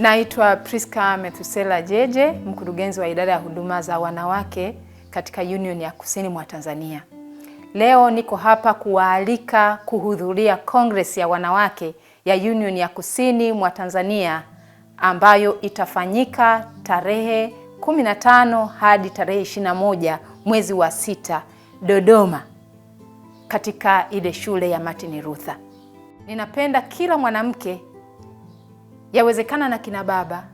Naitwa Priska Methusela Jeje, mkurugenzi wa idara ya huduma za wanawake katika Union ya Kusini mwa Tanzania. Leo niko hapa kuwaalika kuhudhuria Congress ya wanawake ya Union ya Kusini mwa Tanzania ambayo itafanyika tarehe 15 hadi tarehe 21 mwezi wa sita Dodoma katika ile shule ya Martin Luther. Ninapenda kila mwanamke Yawezekana na kina baba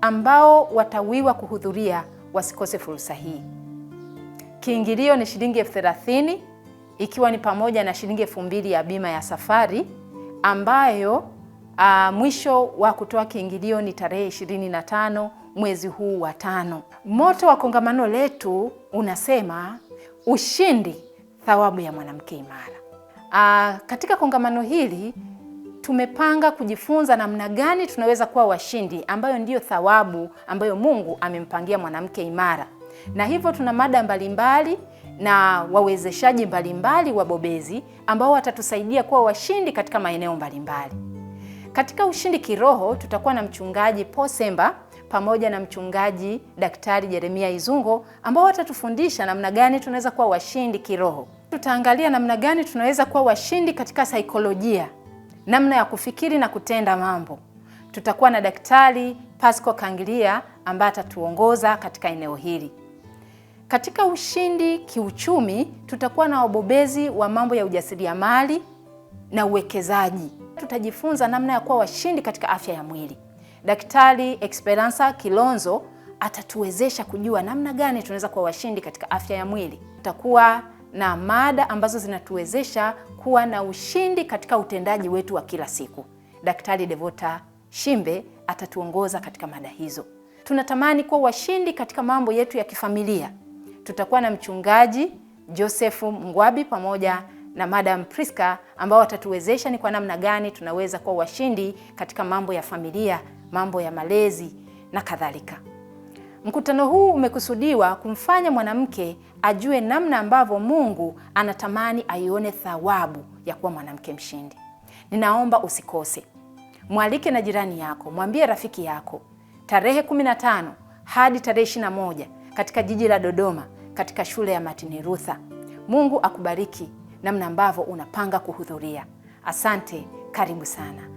ambao watawiwa kuhudhuria wasikose fursa hii. Kiingilio ni shilingi elfu thelathini ikiwa ni pamoja na shilingi elfu mbili ya bima ya safari ambayo a, ah, mwisho wa kutoa kiingilio ni tarehe ishirini na tano mwezi huu wa tano. Moto wa kongamano letu unasema ushindi, thawabu ya mwanamke imara. A, ah, katika kongamano hili tumepanga kujifunza namna gani tunaweza kuwa washindi, ambayo ndiyo thawabu ambayo Mungu amempangia mwanamke imara. Na hivyo tuna mada mbalimbali na wawezeshaji mbalimbali wabobezi ambao watatusaidia kuwa washindi katika maeneo mbalimbali. Katika ushindi kiroho tutakuwa na mchungaji Posemba pamoja na mchungaji Daktari Jeremia Izungo ambao watatufundisha namna gani tunaweza kuwa washindi kiroho. Tutaangalia namna gani tunaweza kuwa washindi katika saikolojia namna ya kufikiri na kutenda mambo. Tutakuwa na Daktari Pasco Kangilia ambaye atatuongoza katika eneo hili. Katika ushindi kiuchumi, tutakuwa na wabobezi wa mambo ya ujasiriamali na uwekezaji. Tutajifunza namna ya kuwa washindi katika afya ya mwili. Daktari Esperansa Kilonzo atatuwezesha kujua namna gani tunaweza kuwa washindi katika afya ya mwili. Tutakuwa na mada ambazo zinatuwezesha kuwa na ushindi katika utendaji wetu wa kila siku. Daktari Devota Shimbe atatuongoza katika mada hizo. Tunatamani kuwa washindi katika mambo yetu ya kifamilia. Tutakuwa na mchungaji Josefu Mngwabi pamoja na Madam Priska ambao watatuwezesha ni kwa namna gani tunaweza kuwa washindi katika mambo ya familia, mambo ya malezi na kadhalika. Mkutano huu umekusudiwa kumfanya mwanamke ajue namna ambavyo Mungu anatamani aione thawabu ya kuwa mwanamke mshindi. Ninaomba usikose. Mwalike na jirani yako, mwambie rafiki yako. Tarehe 15 hadi tarehe 21 katika jiji la Dodoma katika shule ya Martin Luther. Mungu akubariki namna ambavyo unapanga kuhudhuria. Asante, karibu sana.